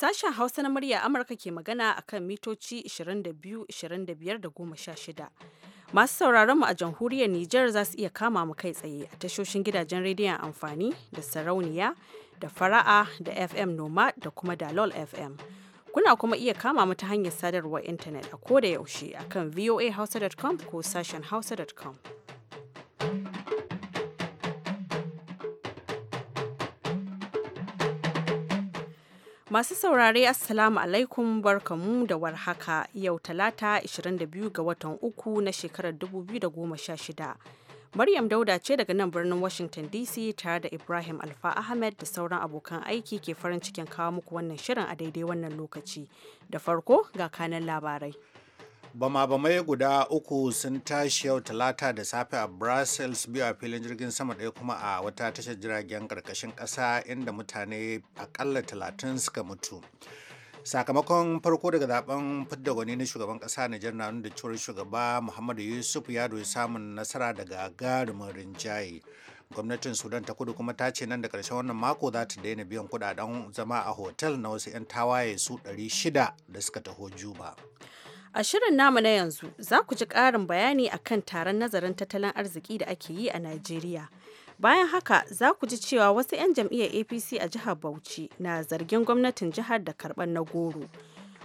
Sashen Hausa na murya Amurka ke magana a kan mitoci 22, 25 da 16. Masu sauraron mu a jamhuriyar Nijar za su iya kama mu kai tsaye a tashoshin gidajen rediyon amfani da sarauniya da fara'a da FM Noma da kuma Dalol FM. Kuna kuma iya kama mu ta hanyar sadarwar intanet a koda yaushe a kan voahausa.com ko sashen hausa.com. Masu saurare Assalamu alaikum barkamu da warhaka yau talata 22 ga watan uku na shekarar 2016. Maryam Dauda ce daga nan birnin Washington DC tare da Ibrahim Alfa Ahmed da sauran abokan aiki ke farin cikin kawo muku wannan shirin a daidai wannan lokaci. Da farko ga kanan labarai. bama-bamai guda uku sun tashi yau talata da safe a brussels biyu a filin jirgin sama ɗaya kuma a wata tashar jiragen karkashin ƙasa inda mutane aƙalla talatin suka mutu sakamakon farko daga zaben fidda gwani na shugaban ƙasa nijar na nuna cewar shugaba muhammadu yusuf ya doyi samun nasara daga gagarumin rinjaye gwamnatin sudan ta kudu kuma ta ce nan da karshen wannan mako za ta daina biyan kudaden zama a hotel na wasu 'yan tawaye su 600 da suka taho juba A shirin namu na yanzu za ku ji ƙarin bayani akan taron nazarin tattalin arziki da ake yi a Najeriya. Bayan haka za ku ji cewa wasu 'yan jam'iyyar APC a jihar Bauchi na zargin gwamnatin jihar da karɓar na goro.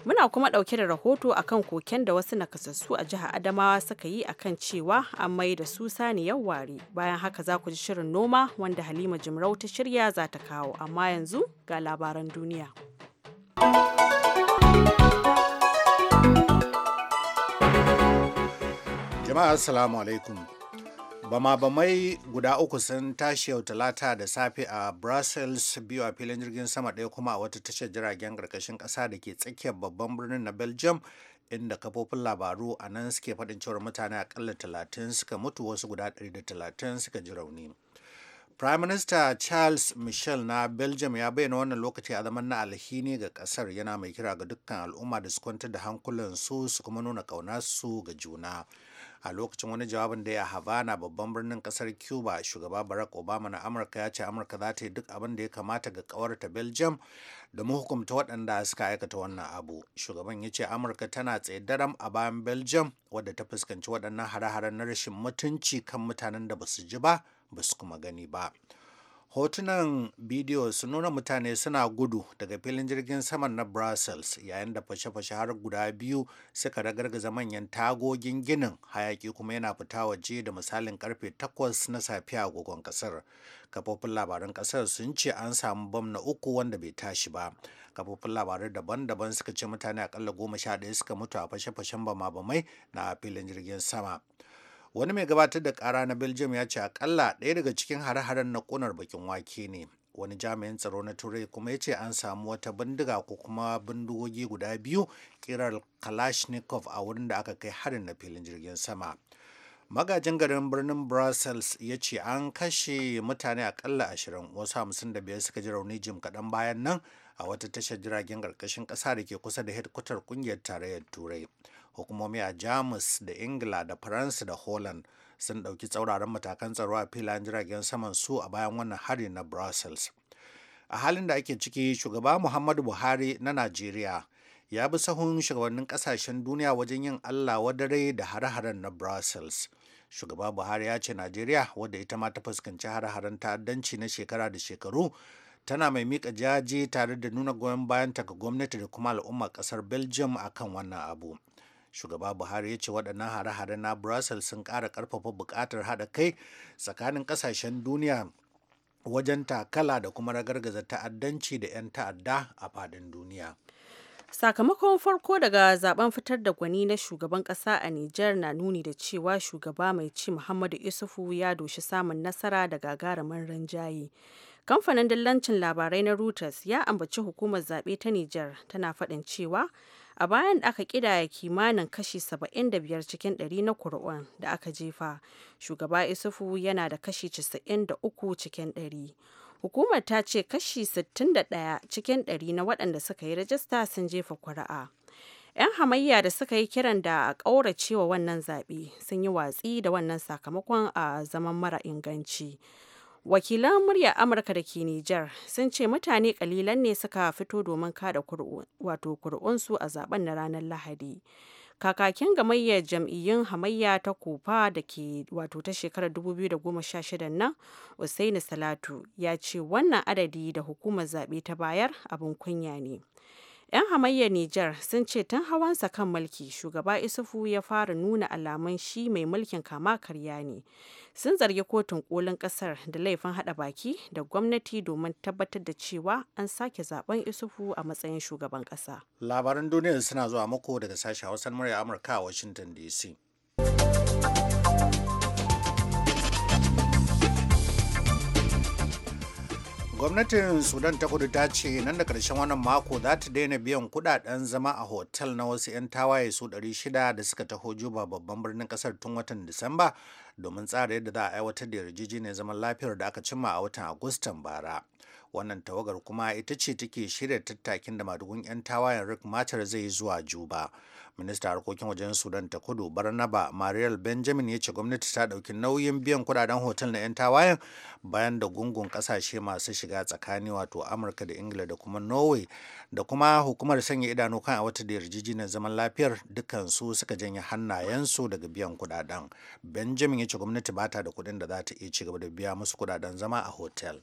Muna kuma ɗauke da rahoto akan koken da wasu nakasassu a jihar Adamawa suka yi akan cewa an mai da su sani saniyar ware. Bayan haka za ku ji shirin noma wanda Halima Jimrau ta shirya za ta kawo, amma yanzu ga labaran duniya. jama'a assalamu alaikum bama-bamai guda uku sun tashi yau talata da safe a brussels biyu a filin jirgin sama ɗaya kuma a wata tashar jiragen karkashin ƙasa da ke tsakiyar babban birnin na belgium inda kafofin labaru a nan suke faɗin cewar mutane akalla talatin suka mutu wasu guda ɗari da talatin suka ji rauni prime minister charles michel na belgium ya bayyana wannan lokaci a zaman na alhini ga kasar yana mai kira ga dukkan al'umma da su kwantar da hankulansu su kuma nuna su ga juna a lokacin wani jawabin da ya havana babban birnin kasar cuba shugaba barack obama na amurka ya ce amurka za ta yi duk abin da ya kamata ga ta belgium da mu mahukumta waɗanda suka aikata wannan abu shugaban ya ce amurka tana tsaye daram a bayan belgium wadda ta fuskanci waɗannan hare-haren na rashin mutunci kan mutanen da ba su ji ba ba su kuma gani ba. hotunan bidiyo sun nuna mutane suna gudu daga filin jirgin saman na brussels yayin da fashe-fashe har guda biyu suka ragargaza manyan tagogin ginin hayaki kuma yana fita waje da misalin karfe 8 na safiya agogon kasar kafofin labaran kasar sun ce an samu bam na uku wanda bai tashi ba kafofin labarai daban-daban suka ce mutane akalla goma sha ɗaya suka mutu a fashe-fashen bama-bamai na filin jirgin sama wani mai gabatar da kara na belgium ya ce akalla ɗaya daga cikin hare-haren na ƙunar bakin wake ne wani jami'in tsaro na turai kuma ya ce an samu wata bindiga ko kuma bindigogi guda biyu kirar kalashnikov a wurin da aka kai harin na filin jirgin sama magajin garin birnin brussels ya ce an kashe mutane akalla ashirin wasu hamsin da biyar suka ji rauni jim kaɗan bayan nan a wata tashar jiragen ƙarƙashin ƙasa da ke kusa da hedkwatar ƙungiyar tarayyar turai hukumomi a jamus da ingila da faransa da holland sun ɗauki tsauraran matakan tsaro a filayen jiragen saman su a bayan wannan hari na brussels a halin da ake ciki shugaba muhammadu buhari na najeriya ya bi sahun shugabannin kasashen duniya wajen yin allah wadare da hare-haren na brussels shugaba buhari ya ce najeriya wadda ita ma ta fuskanci hare-haren ta'addanci na shekara da shekaru tana mai mika jaje tare da nuna goyon bayanta ga gwamnati da kuma al'ummar kasar belgium akan wannan abu shugaba buhari ya ce waɗannan hare-hare na brussels sun ƙara ƙarfafa buƙatar haɗa kai tsakanin ƙasashen duniya wajen takala da kuma ragargaza ta'addanci da 'yan ta'adda a fadin duniya sakamakon farko daga zaben fitar da gwani na shugaban kasa a Nijar na nuni da cewa shugaba mai ci Muhammadu Isufu ya doshi samun nasara da gagarumin rinjaye. Kamfanin dillancin labarai na Reuters ya ambaci hukumar zaɓe ta Nijar tana faɗin cewa a bayan da aka kidaya kimanin kashi 75 cikin 100 na kuri'un da aka jefa shugaba isufu yana da kashi 93 cikin 100 hukumar ta ce kashi 61 cikin 100 na waɗanda suka yi rajista sun jefa kuri'a 'yan hamayya da suka yi kiran da a ƙauracewa wannan zaɓe sun yi watsi da wannan sakamakon a zaman mara inganci. wakilan muryar amurka da ke nijar sun ce mutane kalilan ne suka fito domin kada wato kur'unsu a zaben na ranar lahadi kakakin gamayyar jam'iyyun hamayya ta kofa da ke wato ta shekarar 2016 nan usaini salatu ya ce wannan adadi da hukumar zaɓe ta bayar abin kunya ne 'Yan hamayyar Nijar sun ce tun hawansa kan mulki shugaba Isufu ya fara nuna alamun shi mai mulkin kama karya ne. Sun zargi kotun kolin kasar da laifin hada baki da gwamnati domin tabbatar da cewa an sake zaben Isufu a matsayin shugaban kasa. Labaran duniya suna zuwa mako daga sashen Hausar murya Amurka a Washington DC. gwamnatin sudan ta kudu ta ce nan da karshen wannan mako za ta daina biyan kudaden zama a hotel na wasu 'yan tawaye su 600 da suka taho juba babban birnin kasar tun watan disamba domin tsara yadda za a aiwatar da yarjejeniyar zaman lafiyar da aka cimma a watan agustan bara wannan tawagar kuma ita ce take shirya tattakin da madugun 'yan tawayen rick matar zai zuwa juba minista harkokin wajen sudan ta kudu barnaba mariel benjamin ya ce gwamnati ta ɗauki nauyin biyan kudaden hotel na 'yan tawayen bayan da gungun kasashe masu shiga tsakani wato amurka da ingila da kuma norway da kuma hukumar sanya idanu kan a wata da yarjejeniyar zaman lafiyar dukansu suka janye hannayensu daga biyan kudaden benjamin ya ce gwamnati ba ta da kuɗin da za ta iya ci gaba da biya musu kudaden zama a hotel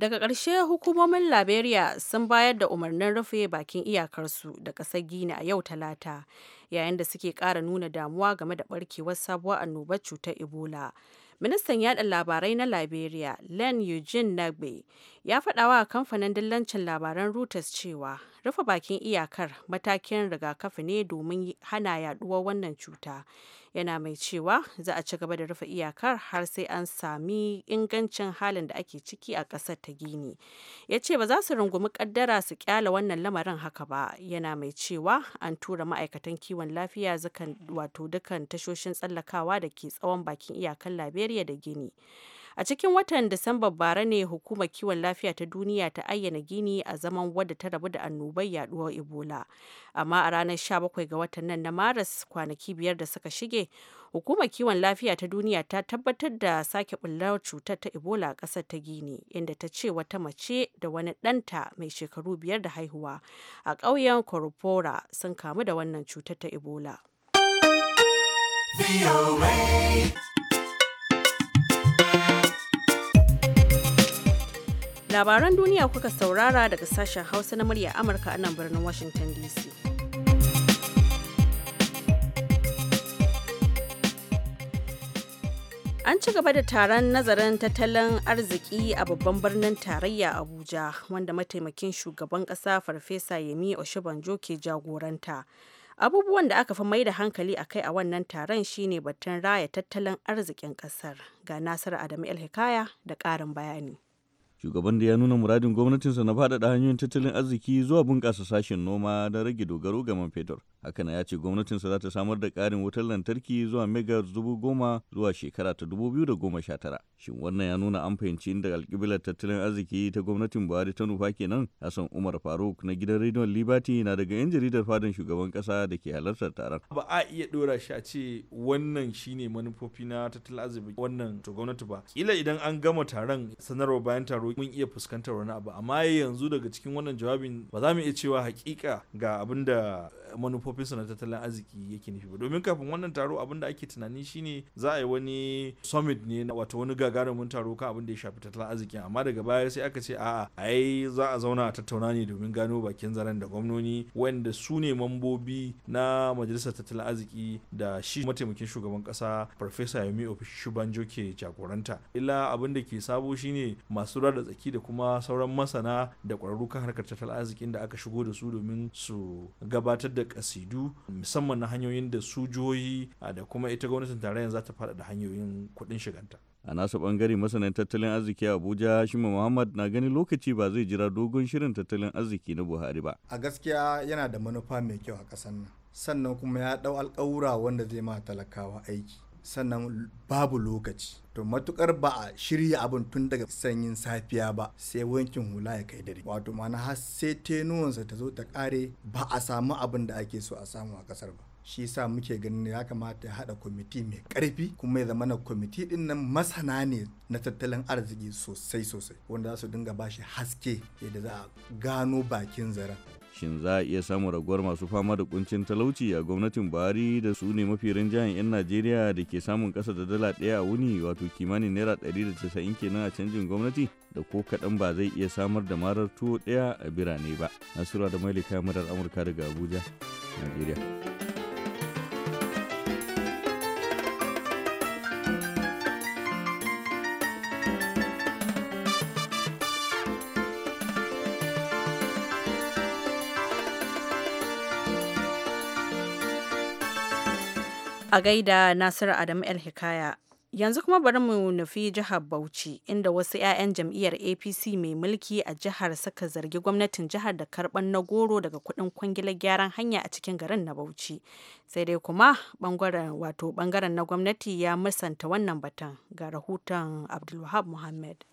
Daga ƙarshe hukumomin Liberia sun bayar da umarnin rufe bakin iyakarsu da ƙasar Gini a yau talata yayin da suke ƙara nuna damuwa game da ɓarkewar sabuwar annobar cutar Ebola. Ministan yaɗa labarai na Liberia, Len Eugene Nagbe, ya faɗawa a kamfanin dillancin labaran Reuters cewa rufe bakin iyakar matakin rigakafi ne domin hana yaduwar wannan cuta yana mai cewa za a ci gaba da rufe iyakar har sai an sami ingancin halin da ake ciki a ƙasar ta gini ya ce ba za su rungumi kaddara su kyala wannan lamarin haka ba yana mai cewa an tura ma'aikatan kiwon lafiya zukan wato dukan tashoshin tsallakawa da ke tsawon bakin iyakar liberia da gini A cikin watan disamba bara ne hukumar kiwon lafiya ta duniya ta ayyana Gini a zaman wadda ta rabu da annobar yaduwar Ebola. Amma a ranar 17 ga watan nan na Maris kwanaki biyar da suka shige, hukumar kiwon lafiya ta duniya ta tabbatar da sake bullar cutar ta Ebola a ƙasar ta Gini, inda ta ce wata mace da wani ɗanta mai shekaru biyar da haihuwa a ƙauyen Koropora sun kamu da wannan cutar ta Ebola. Labaran duniya kuka saurara daga sashen Hausa na murya Amurka a nan birnin Washington DC. An ci gaba da taron nazarin tattalin arziki a babban birnin tarayya Abuja wanda mataimakin shugaban ƙasa Farfesa Yemi Oshibanjo ke jagoranta. Abubuwan da aka fi mai da hankali a kai a wannan taron shine batun raya tattalin arzikin kasar Ga Nasiru Adamu El Hikaya da ƙarin bayani. shugaban da ya nuna muradin gwamnatinsa na faɗaɗa hanyoyin tattalin arziki zuwa bunƙasa sashen noma don rage dogaro ga man fetur Hakan ya ce gwamnatinsa za ta samar da ƙarin wutar lantarki zuwa mega dubu goma zuwa shekara ta dubu biyu da goma sha tara. Shin wannan ya nuna an fahimci inda alƙiblar tattalin arziki ta gwamnatin Buhari ta nufa kenan? Hassan Umar Faruk na gidan rediyon libati na daga 'yan jaridar fadan shugaban ƙasa da ke halartar taron. Ba a iya ɗora shi a ce wannan shine manufofi na tattalin arziki wannan to gwamnati ba. Kila idan an gama taron sanarwa bayan taro mun iya fuskantar wani abu amma yanzu daga cikin wannan jawabin ba za mu iya cewa hakika ga abinda da manufofi su na tattalin arziki yake nufi ba domin kafin wannan taro abin da ake tunani shine za a yi wani summit ne wato wani gagarumin taro kan abin da ya shafi tattalin arziki amma daga baya sai aka ce a'a ai za a zauna a tattauna ne domin gano bakin zaren da gwamnoni wanda su ne mambobi na majalisar tattalin arziki da shi mataimakin shugaban kasa farfesa yomi shubanjo ke jagoranta illa abin da ke sabo shine masu da tsaki da kuma sauran masana da kwararru kan harkar tattalin arzikin da aka shigo da su domin su gabatar da kasi kasidu musamman na hanyoyin da su da kuma ita gwamnatin tarayyar za ta da hanyoyin kuɗin shiganta. a nasa bangare masanin tattalin arziki abuja shima muhammad na ganin lokaci ba zai jira dogon shirin tattalin arziki na buhari ba a gaskiya yana da manufa mai kyau a ƙasar nan sannan kuma ya ɗau alƙawura wanda zai ma talakawa aiki sannan babu lokaci to matukar ba a shirya abin tun daga sanyin safiya ba sai wankin hula ya kai dare wato mana har sai tenuwansa ta zo ta kare ba a samu abin da ake so a samu a kasar ba shi sa muke ganin ya kamata ya haɗa kwamiti mai karfi kuma ya zama na kwamiti ɗin nan masana ne na tattalin arziki sosai sosai wanda za su dinga bashi haske yadda za a gano bakin zaren shin za a iya samun raguwar masu fama da kuncin talauci a gwamnatin buhari da su ne mafi rinjayen 'yan najeriya da ke samun kasa da dala ɗaya a wuni wato kimanin naira 190 kenan a canjin gwamnati da ko kaɗan ba zai iya samar da marar tuwo ɗaya a birane ba nasura da mailika murar amurka daga abuja najeriya A gaida Nasiru Adamu El Hikaya. Yanzu kuma bari mu nufi jihar Bauchi inda wasu 'ya'yan jam'iyyar APC mai mulki a jihar suka zargi gwamnatin jihar da karɓar na goro daga kuɗin kwangilar gyaran hanya a cikin garin na Bauchi. Sai dai kuma bangaren wato bangaren na gwamnati ya musanta wannan batan ga rahoton Abdulwahab Muhammad.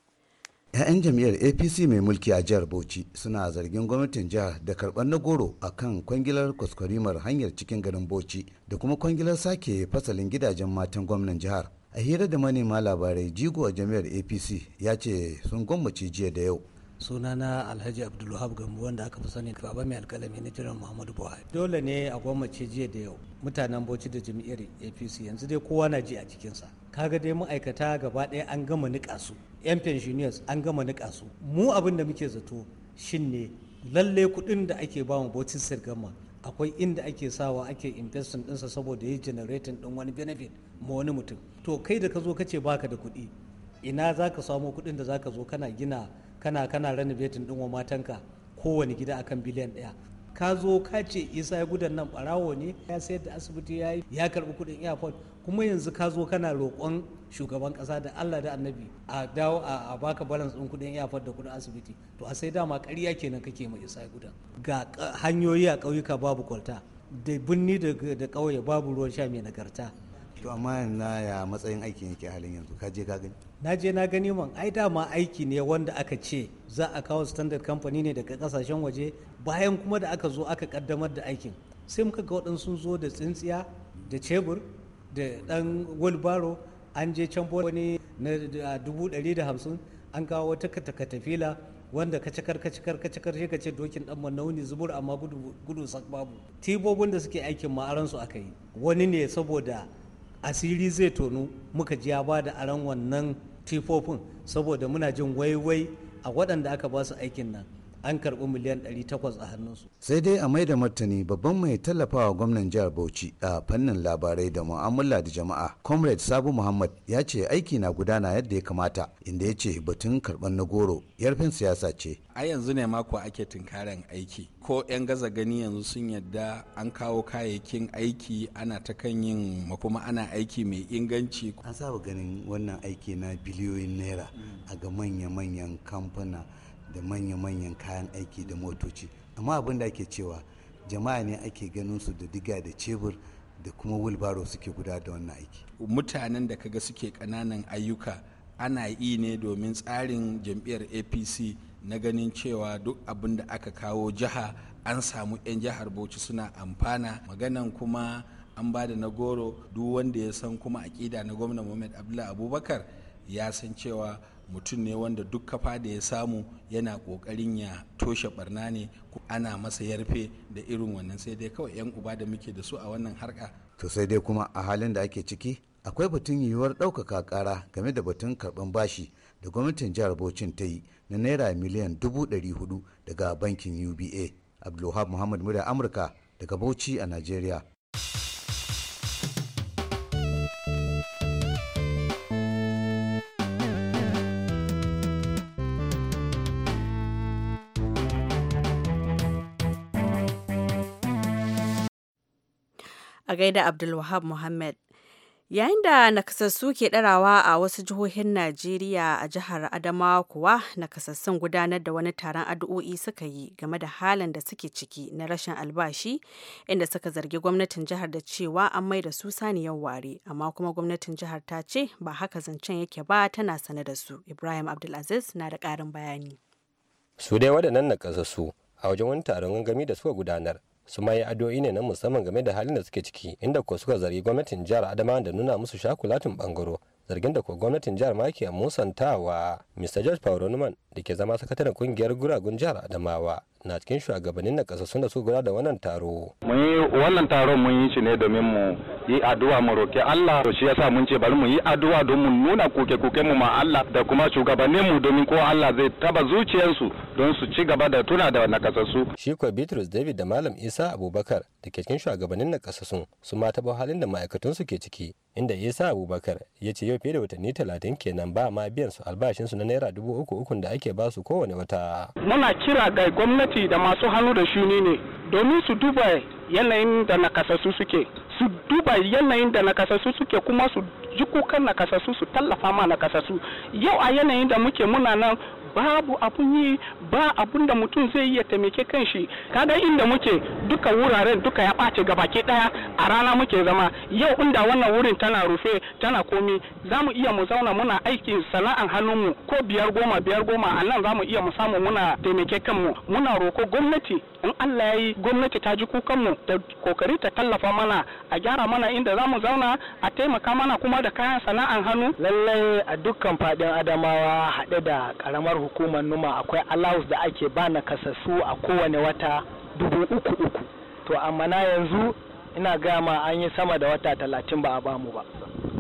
'ya'yan jam'iyyar apc mai mulki a jihar bauchi suna zargin gwamnatin jihar da karɓar na goro a kan kwangilar kwaskwarimar hanyar cikin garin bauchi da kuma kwangilar sake fasalin gidajen matan gwamnan jihar a hira da manema labarai jigo a jami'ar apc ya ce sun gwammace jiya da yau sunana alhaji abdulwahab gambo wanda aka fi sani baba mai alkalami na jiran muhammadu buhari dole ne a gwammace jiya da yau mutanen bauchi da Jami'ar apc yanzu dai kowa na ji a jikinsa kaga dai ma'aikata gaba ɗaya an gama niƙa su yan pensioners an gama niƙa su mu abin da muke zato shin ne lalle kuɗin da ake ba mu bauchi sir gama akwai inda ake sawa ake investing ɗinsa saboda ya generating din wani benefit ma wani mutum to kai da ka zo ka ce baka da kuɗi ina za ka samo kuɗin da za ka zo kana gina kana kana renovating din wa matanka kowane gida akan biliyan ɗaya ka zo ka ce isa ya gudan nan barawo ne ya sayar da asibiti ya yi ya karbi kudin airport kuma yanzu ka zo kana roƙon shugaban ƙasa da allah da annabi a dawo a baka balance ɗin kudin airport da kudin asibiti to a sai dama ƙarya kenan kake mai isa ya gudan ga hanyoyi a ƙauyuka babu kwalta da binni da ƙauye babu ruwan sha mai nagarta to amma na ya matsayin aikin yake halin yanzu ka je ka gani na je na gani man ai dama aiki ne wanda aka ce za a kawo standard company ne daga kasashen waje bayan kuma da aka zo aka kaddamar da aikin sai muka ga waɗansu zo da tsintsiya da cebur da dan wilbaro an je can wani na dubu ɗari da hamsin an kawo wata katafila wanda ka cikar ka cikar ka cikar shi ka ce dokin dan manauni zubur amma gudu gudu sak babu tibobin da suke aikin ma aransu aka yi wani ne saboda asiri zai tonu muka ji ya ba da aran wannan tifofin saboda muna jin waiwai a waɗanda aka ba su aikin nan an karɓi miliyan 800 a hannunsu. sai dai a maida martani babban mai tallafawa gwamnan jihar bauchi a fannin labarai da mu'amala da jama'a comrade sabu muhammad ya ce aiki na gudana yadda ya kamata inda ya ce batun karɓar na goro yarfin siyasa ce a yanzu ne mako ake tunkaran aiki ko 'yan gaza gani yanzu sun yadda an kawo kayayyakin aiki ana ta kan yin kuma ana aiki mai inganci an saba ganin wannan aiki na biliyoyin naira a ga manya-manyan kamfuna da manya-manyan kayan aiki da motoci amma abin da ake cewa jama'a ne ake ganin su da diga da cebur da kuma wilbaro suke guda da wannan aiki mutanen da kaga suke kananan ayyuka ana yi ne domin tsarin jam'iyyar apc na ganin cewa duk abin da aka kawo jiha an samu 'yan jihar bauchi suna amfana maganan kuma an ba da na goro duk wanda ya san kuma aƙida na gwamna muhammad abdullahi abubakar ya san cewa mutum ne wanda duk kafa da ya samu yana kokarin ya toshe barna ne ana masa yarfe da irin wannan sai dai kawai yan uba da muke da su a wannan harka to sai dai kuma a halin da ake ciki akwai batun yiwuwar ɗaukaka ƙara game da batun karɓan bashi da gwamnatin jihar Bauchin ta yi na naira miliyan dubu ɗari hudu daga bankin uba abdulwahab muhammad murya amurka daga bauchi a nigeria. a gaida Abdulwahab Muhammad. Yayin da nakasassu ke ɗarawa a wasu jihohin Najeriya a jihar Adamawa kuwa nakasassun gudanar da wani taron addu'o'i suka yi game da halin da suke ciki na rashin albashi inda suka zargi gwamnatin jihar da cewa an mai da su saniyar ware amma kuma gwamnatin jihar ta ce ba haka zancen yake ba tana sane da su Ibrahim Abdulaziz na da ƙarin bayani. Su dai waɗannan nakasassu a wajen wani taron gangami da suka gudanar su ma yi addu'o'i ne na musamman game da halin da suke ciki inda ko suka zargi gwamnatin jihar adama da nuna musu shakulatin bangaro zargin da ko gwamnatin jihar ma ke a musantawa mr george pauronuman da ke zama sakataren kungiyar guragun jihar adamawa na cikin shugabannin na kasassun da suka gura da wannan taro. Mun yi wannan taron mun yi shi ne domin mu yi addu'a mu roki Allah to shi yasa mun ce bari mu yi addu'a don mu nuna koke koke mu ma Allah da kuma shugabannin mu domin ko Allah zai taba zuciyarsu don su ci gaba da tuna da na su. Shi ko Bitrus David da Malam Isa Abubakar da ke cikin shugabannin na sun su ma taba halin da ma'aikatun su ke ciki inda Isa Abubakar ya ce yau fiye da watanni talatin kenan ba ma biyan su albashin su na naira dubu uku ukun da ake ba su kowane wata. Muna kira ga gwamnati gwamnati da masu hannu da shuni ne domin su duba yanayin da nakasassu suke su duba yanayin da nakasassu suke kuma su ji kukan nakasassu su tallafa ma nakasassu yau a yanayin da muke muna nan babu abun yi ba abun da mutum zai iya taimake kanshi kaga inda muke duka wuraren duka ya ɓace baki ɗaya a rana muke zama yau inda wannan wurin tana rufe tana komi za mu iya mu zauna muna aikin sana'an hannunmu ko biyar goma biyar goma a nan za mu iya mu samu muna taimake kanmu muna roko gwamnati in Allah ya yi gwamnati ta ji kukanmu da kokari ta tallafa mana a gyara mana inda za mu zauna a taimaka mana kuma da kayan sana'an hannu lallai a dukkan fadin adamawa haɗe da ƙaramar hukumar numa akwai allowance da ake ba na kasassu a kowane wata dubu uku uku to amma na yanzu ina gama an yi sama da wata talatin ba a bamu ba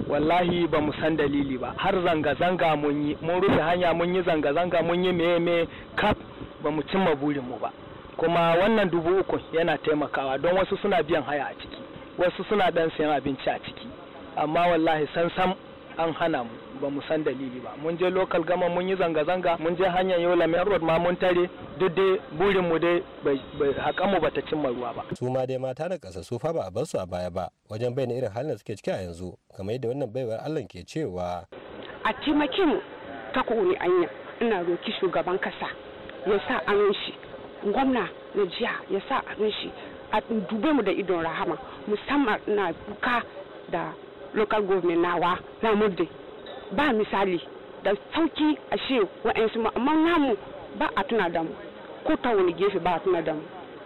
wallahi ba mu san dalili ba har zanga-zanga mun yi mun rufe hanya mun yi zanga-zanga mun yi meye kaf ba mu cimma burin mu ba kuma wannan dubu uku yana taimakawa don wasu suna biyan haya a ciki wasu suna dan sayan abinci a ciki amma wallahi san sam an hana mu ba mu san dalili ba mun je local gama mun yi zanga-zanga mun je hanyar yau main road ma mun tare duk dai burin mu dai haƙa mu ta cimma ruwa ba su ma dai mata da ƙasa su fa ba a bar su a baya ba wajen bayyana irin halin da suke ciki a yanzu kamar yadda wannan baiwar Allah ke cewa a taimake mu ta kowane anya ina roki shugaban kasa ya sa amin shi gwamna na jiya ya sa amin shi a dube mu da idon rahama musamman na buka da local government nawa na murde ba misali da sauki a shi wa'ansu amma namu ba a tuna da ko ta wani gefe ba a tuna da mu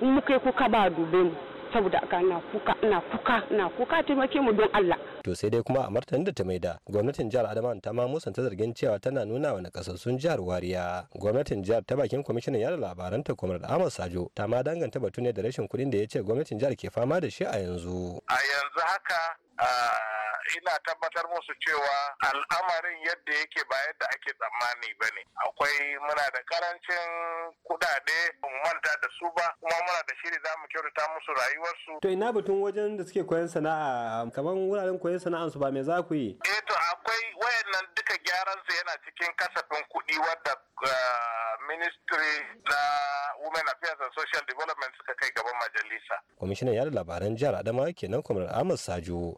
in muka yi kuka ba a dube mu saboda aka na kuka na kuka na kuka taimake mu don Allah to sai dai kuma a martanin da ta da gwamnatin jihar adama ta ma ta zargin cewa tana nuna wa nakasassun jihar wariya gwamnatin jihar ta bakin kwamishinan yada labaran ta kwamar ahmad sajo ta ma danganta batu ne da rashin kuɗin da ya ce gwamnatin jihar ke fama da shi a yanzu a yanzu haka Ah, ina tabbatar musu cewa al'amarin yadda yake ba yadda ake tsammani ba ne akwai muna da karancin kudade manta da su ba kuma muna da shiri za mu kyautata musu rayuwarsu to ina batun wajen da suke koyan sana'a kamar wuraren koyan sana'ansu ba me za ku yi eh to akwai wayannan duka gyaran su yana cikin kasafin kuɗi wadda ah, ministry na women affairs and social development suka kai gaban majalisa kwamishinan yada labaran jihar adamawa kenan kwamar amur sajo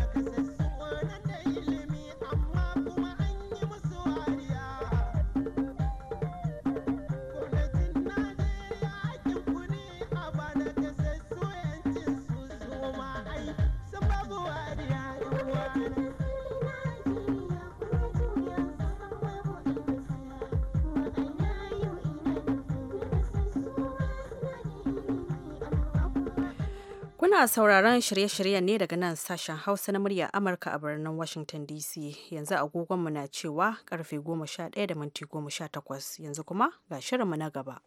Kuna sauraron shirye-shiryen ne daga nan sashen Hausa na murya Amurka a birnin Washington DC. Yanzu agogonmu na cewa karfe 11.18 Yanzu kuma ga shirinmu na gaba.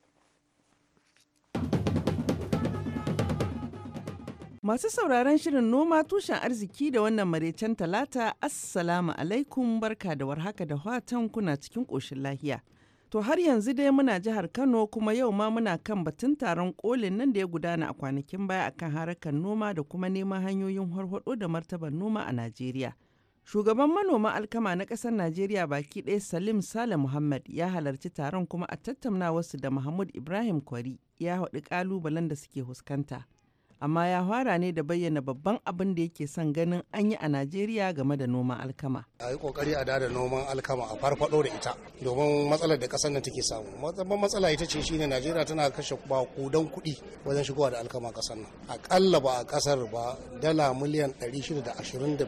Masu sauraron shirin noma tushen arziki da wannan maraicen talata, Assalamu alaikum barka da warhaka da watan kuna cikin ƙoshin lahiya. To har yanzu dai muna jihar Kano kuma yau ma muna kan batun taron kolin nan da ya gudana a kwanakin baya akan harkar noma da kuma neman hanyoyin harhaɗo da martabar noma a Najeriya. Shugaban manoman alkama na ƙasar Najeriya baki ɗaya Salim Sale Muhammad ya halarci taron kuma a tattauna wasu da Mahmud Ibrahim Kwari ya haɗu ƙalubalen da suke fuskanta. amma ya fara ne da bayyana babban abin da yake son ganin an yi a Najeriya game da noman alkama. A yi kokari a da noman alkama a farfado da ita domin matsalar da kasar nan take samu. Babban matsala ita ce shine Najeriya tana kashe bakudan kuɗi wajen shigowa da alkama kasar nan. Akalla ba a kasar ba dala miliyan 628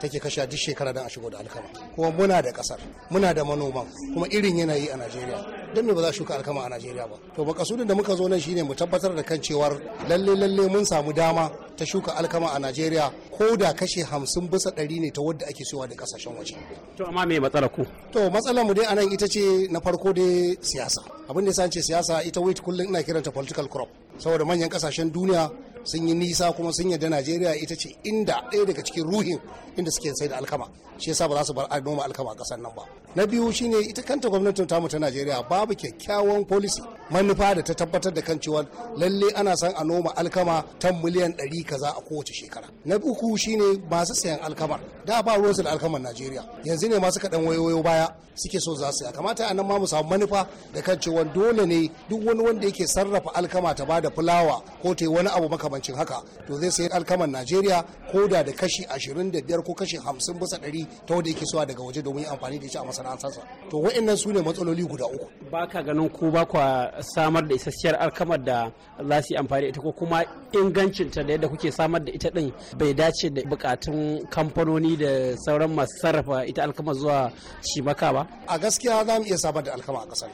take kashe duk shekara don a shigo da alkama. Kuma muna da kasar, muna da manoman, kuma irin yanayi a Najeriya. don me ba za shuka alkama a Najeriya ba to makasudin da muka zo nan shine mu tabbatar da kan cewar lalle lalle mun samu dama ta shuka alkama a Najeriya ko da kashe hamsin bisa ɗari ne ta wadda ake siyowa da kasashen waje to amma me matsalar ku to matsalar mu dai anan ita ce na farko dai siyasa abin da yasa ce siyasa ita wait kullum ina kiranta political crop saboda manyan kasashen duniya sun yi nisa kuma sun yarda najeriya ita ce inda ɗaya daga cikin ruhin inda suke sai da alkama shi yasa ba za su bar a noma alkama a ƙasar nan ba na biyu shine ita kanta gwamnatin tamu ta najeriya babu kyakkyawan policy manufa da ta tabbatar da kan cewa lalle ana son a noma alkama ta miliyan 100 kaza a kowace shekara na uku shine masu sayan alkamar da ba ruwansu da alkamar najeriya yanzu ne masu kaɗan wayoyo baya suke so za su ya kamata a nan ma mu samu manufa da kan cewa dole ne duk wani wanda yake sarrafa alkama ta bada fulawa ko ta wani abu makamancin haka to zai sayi alkamar najeriya ko da da kashi 25 ko kashi 50 bisa 100 ta wanda yake suwa daga waje domin amfani da shi a masana faransansa to wa'annan su ne matsaloli guda uku ba ka ganin ku ba kwa samar da isasshiyar alkamar da za su yi amfani da ita ko kuma ingancinta da yadda kuke samar da ita din bai dace da bukatun kamfanoni da sauran masu sarrafa ita alkama zuwa shimaka ba a gaskiya za mu iya samar da alkama a kasar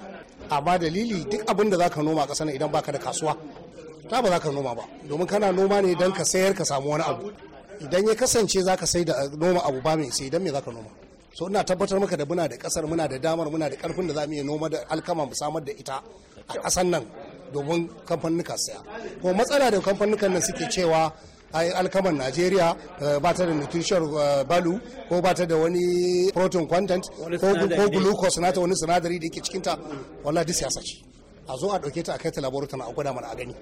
amma dalili duk abin da za ka noma a kasar idan baka da kasuwa ta ba za ka noma ba domin kana noma ne don ka sayar ka samu wani abu idan ya kasance za ka sai da noma abu ba mai sai idan me za ka noma so ina tabbatar maka da muna da kasar muna da damar muna da karfin da za mu iya noma da alkama mu samar da ita a kasan nan domin kamfanuka saya ko matsala da kamfanukan nan suke cewa ai alkaman najeriya eh, ba ta da nutrition eh, value ko ba ta da wani protein content ko glucose na ta wani sinadari da yake ta wallahi duk siyasa ce a zo a ɗauke ta a kai ta laboratory a gwada mana a gani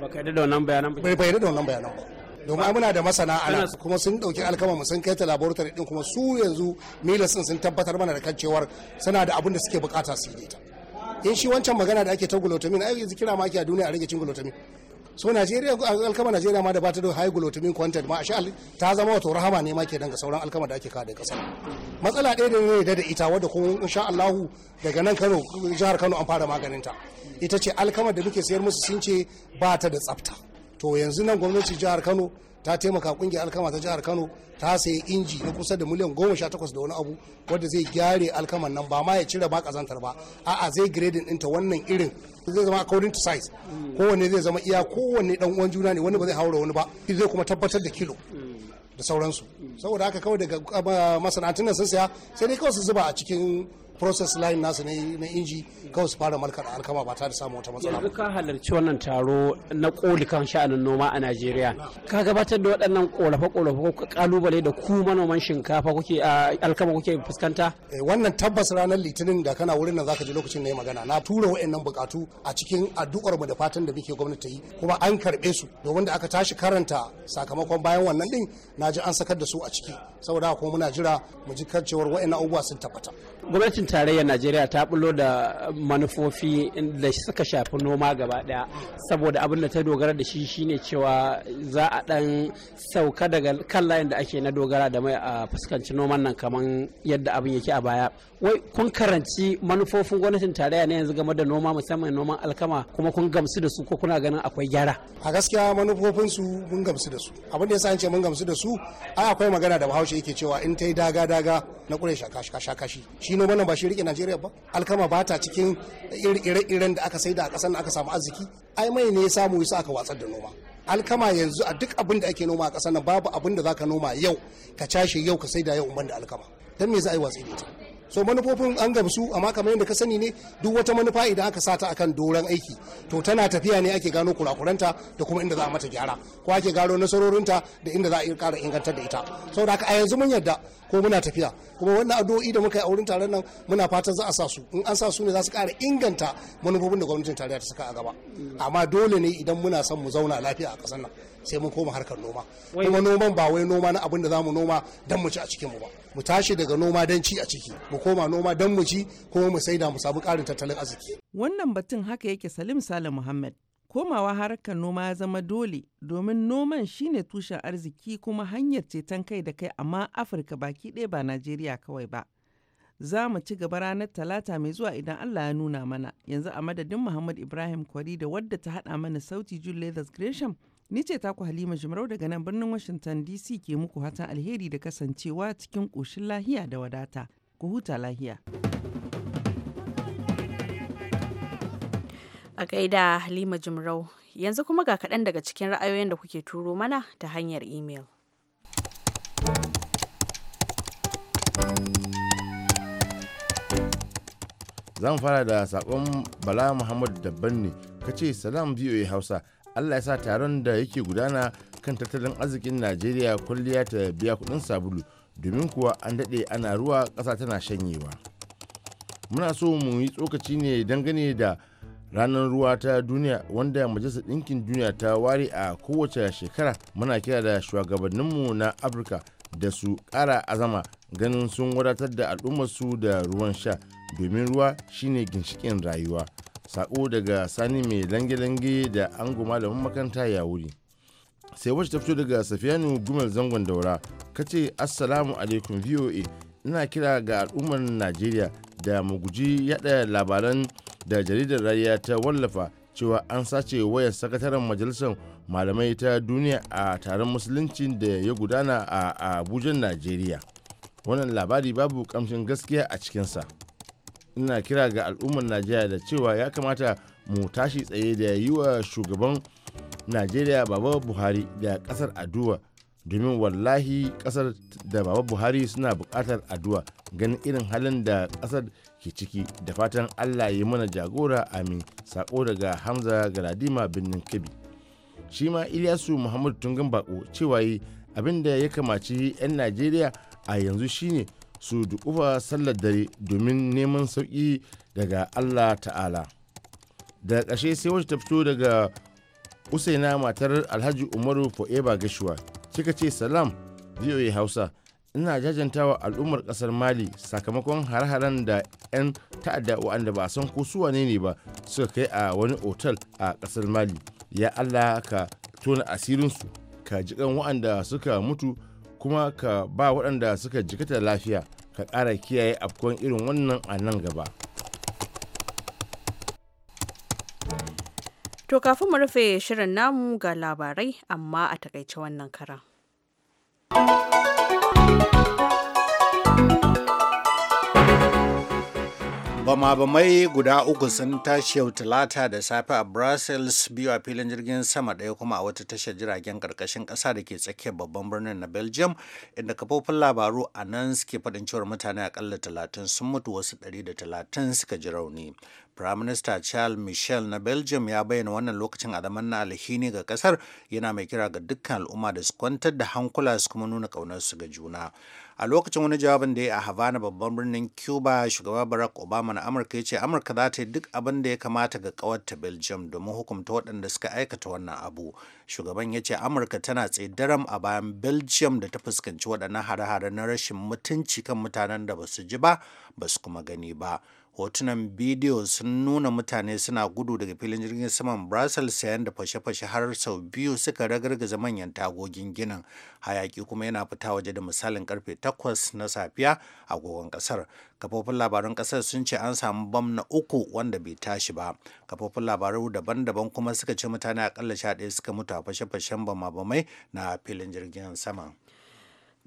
ba ka yarda da wannan bayanan ba bai yarda da wannan bayanan ba domin muna da masana ana kuma sun dauki alkama mu sun kai ta laboratory din kuma su yanzu milas sun tabbatar mana da kan cewar suna da abin da suke bukata su yi ta in shi wancan magana da ake ta glutamin ai yanzu kira ma ake a duniya a rage cin glutamin so Najeriya alkama Najeriya ma da ba ta da high glutamin content ma sha ta zama wato rahama ne ma ke danga sauran alkama da ake kada da kasar matsala ɗaya da ne da ita wadda kuma insha Allahu daga nan Kano jihar Kano an fara maganin ta ita ce alkama da muke sayar musu sun ce ba ta da tsafta to yanzu nan gwamnati jihar kano ta taimaka kungiyar alkama ta jihar kano ta sayi inji na kusa da miliyan goma sha takwas da wani abu wadda zai gyare alkaman nan ba ma ya cire ba kazantar ba a'a zai grading ɗinta wannan irin zai zama according to size hmm. kowanne zai zama iya kowanne dan uwan juna ne wani ba zai haura wani ba zai kuma tabbatar da kilo hmm. da sauransu hmm. saboda haka kawai daga ah, masana'antun nan sun saya sai dai kawai su zuba a cikin process line nasu na inji kawai su fara malkar alkama ba tare da samun wata matsala yanzu ka halarci wannan taro na koli kan sha'anin noma a Najeriya ka gabatar da waɗannan korafe korafe ko kalubale da ku manoman shinkafa kuke a alkama kuke fuskanta eh, wannan tabbas ranar litinin da kana wurin nan zaka ji lokacin na magana na tura waɗannan bukatu a cikin addu'ar mu da fatan da muke gwamnati ta yi kuma an karɓe su domin da aka tashi karanta sakamakon bayan wannan din na ji an sakar da su a ciki saboda kuma muna jira mu ji karcewar waɗannan abubuwa sun tabbata gwamnati gwamnatin tarayyar najeriya ta bulo da manufofi da suka shafi noma gaba daya saboda abin da ta dogara da shi shine cewa za a dan sauka daga kan layin da ake na dogara da mai a fuskanci noman nan kamar yadda abin yake a baya wai kun karanci manufofin gwamnatin tarayya ne yanzu game da noma musamman noman alkama kuma kun gamsu da su ko kuna ganin akwai gyara a gaskiya manufofin su mun gamsu da su abin da yasa an ce mun gamsu da su ai akwai magana da bahaushe yake cewa in ta yi daga daga na kure shaka shaka shi shi noman nan ba shi rike Najeriya ba alkama ba ta cikin ire-iren da aka saida a ƙasar aka samu arziki ai mai ne ya samu yasa aka watsar da noma alkama yanzu a duk abin da ake noma a ƙasar nan babu abin da zaka noma yau ka cashe yau ka saida yau umman da alkama dan me za a yi watsi da ita so manufofin an gamsu amma kamar yadda ka sani ne duk wata manufa idan aka sata akan doron aiki to tana tafiya ne ake gano kurakuranta da kuma inda za a mata gyara ko ake gano nasarorinta da inda za a kara ingantar da ita saboda haka a yanzu mun yarda ko muna tafiya kuma wannan addu'o'i da muka yi a wurin taron nan muna fatan za a sa su in an sa su ne za su ƙara inganta manufofin da gwamnatin tarayya ta saka a gaba amma dole ne idan muna son mu zauna lafiya a ƙasar nan sai mun koma harkar noma kuma noman ba wai noma na abin da za mu noma don mu ci a cikin mu ba mu tashi daga noma don ci a ciki mu koma noma don mu ci kuma mu da mu samu karin tattalin arziki wannan batun haka yake salim salim muhammad komawa harkar noma ya zama dole domin noman shine tushen arziki kuma hanyar ceton kai da kai amma afirka baki ɗaya ba najeriya kawai ba za mu ci gaba ranar talata mai zuwa idan allah ya nuna mana yanzu a madadin muhammad ibrahim kwari da wadda ta haɗa mana sauti jule leathers gresham Ni ce taku Halima Jimarau daga nan birnin Washington DC ke muku hatan alheri da kasancewa cikin ƙoshin lahiya da wadata. Ku huta lahiya. A gaida Halima Jimarau, yanzu kuma ga kaɗan daga cikin ra'ayoyin da kuke turo mana ta hanyar imel. Zan fara da saƙon Bala muhammadu Dabban ne, ka ce salam biyu Hausa. allah ya sa taron da yake gudana kan tattalin arzikin najeriya kwalliya ta biya kudin sabulu domin kuwa an daɗe ana ruwa ƙasa tana shanyewa muna so mu yi tsokaci ne dangane da ranar ruwa ta duniya wanda majalisar ɗinkin duniya ta ware a kowace shekara muna kira da shugabanninmu na afirka da su ƙara azama ganin sun wadatar da al'ummarsu da ruwan sha domin ruwa shine ginshikin rayuwa sako daga sani mai lange-lange da ango malamin makaranta ya wuri sai wacce ta fito daga safiyanu gumel zangon daura ka ce assalamu alaikum voa ina kira ga al'ummar najeriya da mu guji yada labaran da jaridar rayuwa ta wallafa cewa an sace wayar sakataren majalisar malamai ta duniya a taron musulunci da ya gudana a abuja najeriya wannan labari babu kamshin gaskiya a cikinsa ina kira ga al'ummar najeriya da cewa ya kamata mu tashi tsaye da yi wa shugaban najeriya baba buhari da kasar addu'a domin wallahi kasar da baba buhari suna bukatar addu'a ganin irin halin da kasar ke ciki da fatan allah ya mana jagora amin sako daga hamza galadima birnin kebbi shi ma ilyasu muhammadu tungan bako cewa yi abin da ya kamaci 'yan najeriya a yanzu shine su duƙufa sallar dare domin neman sauki daga allah ta'ala da ƙarshe sai wacce ta fito daga usaina matar alhaji umaru fo'eba gashuwa kika ce salam ya hausa ina jajantawa al'ummar ƙasar mali sakamakon har-haren da 'yan ta'adda wa'anda ba a san ko su wane ne ba suka kai a wani otal a ƙasar mali ya allah ka tona asirinsu ka jikan wa'anda suka mutu kuma ka ba waɗanda suka jikata lafiya ka ƙara kiyaye afkon irin wannan a nan gaba. To kafin mu rufe shirin namu ga labarai amma a takaice wannan karan. Bama-bamai guda uku sun tashi yau talata da safe a Brussels biyu a filin jirgin sama ɗaya kuma a wata tashar jiragen karkashin ƙasa da ke tsakiyar babban birnin na Belgium inda kafofin labaru a nan suke faɗin cewar mutane akalla talatin sun mutu wasu ɗari da talatin suka ji rauni. minister Charles Michel na Belgium ya bayyana wannan lokacin a na alhini ga kasar yana mai kira ga dukkan al'umma da su kwantar da hankula su kuma nuna su ga juna. a lokacin wani jawabin da ya a havana babban birnin cuba shugaban barack obama na amurka ya ce amurka za ta yi duk abin da ya kamata ga kawarta belgium domin hukumta waɗanda suka aikata wannan abu shugaban ya ce amurka tana tsaye daram a bayan belgium da ta fuskanci waɗannan hare-hare na rashin mutunci kan mutanen da ba su ji ba ba su kuma gani ba hotunan bidiyo sun nuna mutane suna gudu daga filin jirgin saman brussels yayin da fashe-fashe har sau biyu suka ragargaza manyan tagogin ginin hayaki kuma yana fita waje da misalin karfe takwas na safiya agogon kasar kafofin labaran kasar sun ce an samu bam na uku wanda bai tashi ba kafofin labaru daban-daban kuma suka ce mutane akalla ɗaya suka mutu a fashe-fashen bama-bamai na filin jirgin saman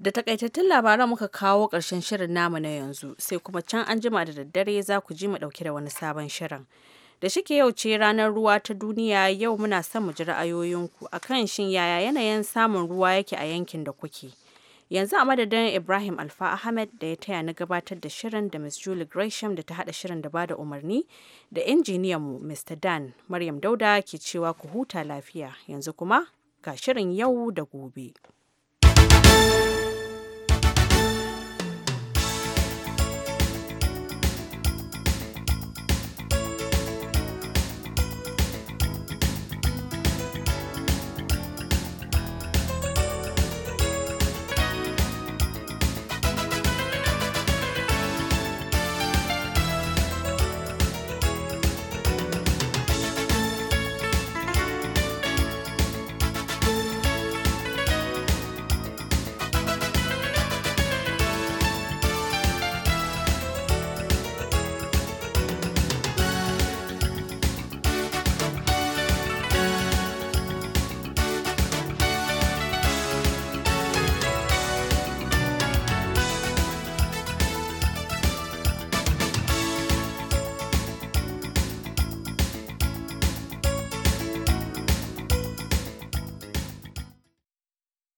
Da takaitattun labaran muka kawo ƙarshen shirin namu na yanzu sai kuma can an jima da daddare za ku ji mu ɗauki da wani sabon shirin. Da shike yau ce ranar ruwa ta duniya yau muna son mu ji ra'ayoyinku a kan shin yaya yanayin samun ruwa yake a yankin da kuke. Yanzu a madadin Ibrahim Alfa Ahmed da ya taya na gabatar da shirin da Miss Julie Gresham da ta haɗa shirin da bada umarni da mu Mr. Dan Maryam Dauda ke cewa ku huta lafiya yanzu kuma ga shirin yau da gobe.